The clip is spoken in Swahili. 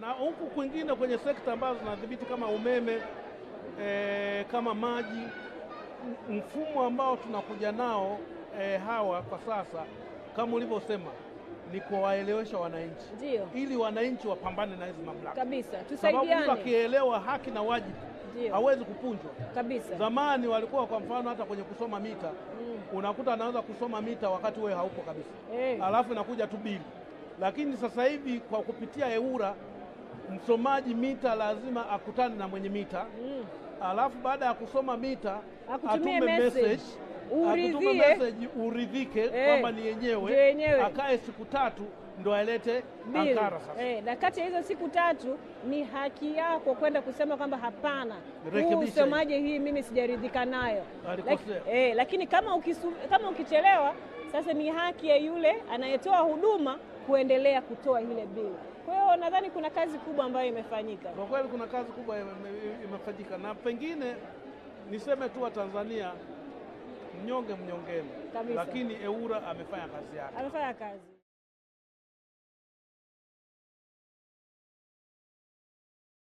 na huku kwingine kwenye sekta ambazo zinadhibiti kama umeme e, kama maji, mfumo ambao tunakuja nao e, hawa kwa sasa kama ulivyosema ni kuwaelewesha wananchi ili wananchi wapambane na hizi mamlaka kabisa, tusaidiane. Sababu akielewa haki na wajibu hawezi kupunjwa kabisa. Zamani walikuwa kwa mfano hata kwenye kusoma mita mm, unakuta anaweza kusoma mita wakati wewe haupo kabisa hey, eh. alafu inakuja tu bili, lakini sasa hivi kwa kupitia EWURA msomaji mita lazima akutane na mwenye mita mm. Alafu baada ya kusoma mita atume message atume message uridhike hey, eh. kwamba ni yenyewe, akae siku tatu ndo alete ankara sasa. Hey, eh, na kati ya hizo siku tatu ni haki yako kwenda kusema kwamba hapana, huu usomaji hii mimi sijaridhika nayo Laki, hey, eh, lakini kama, ukisu, kama ukichelewa sasa ni haki ya yule anayetoa huduma kuendelea kutoa ile bili. Kwa hiyo nadhani kuna kazi kubwa ambayo imefanyika. Kwa kweli kuna kazi kubwa imefanyika, na pengine niseme tu Watanzania, mnyonge mnyongeni, lakini Eura amefanya kazi yake, amefanya kazi.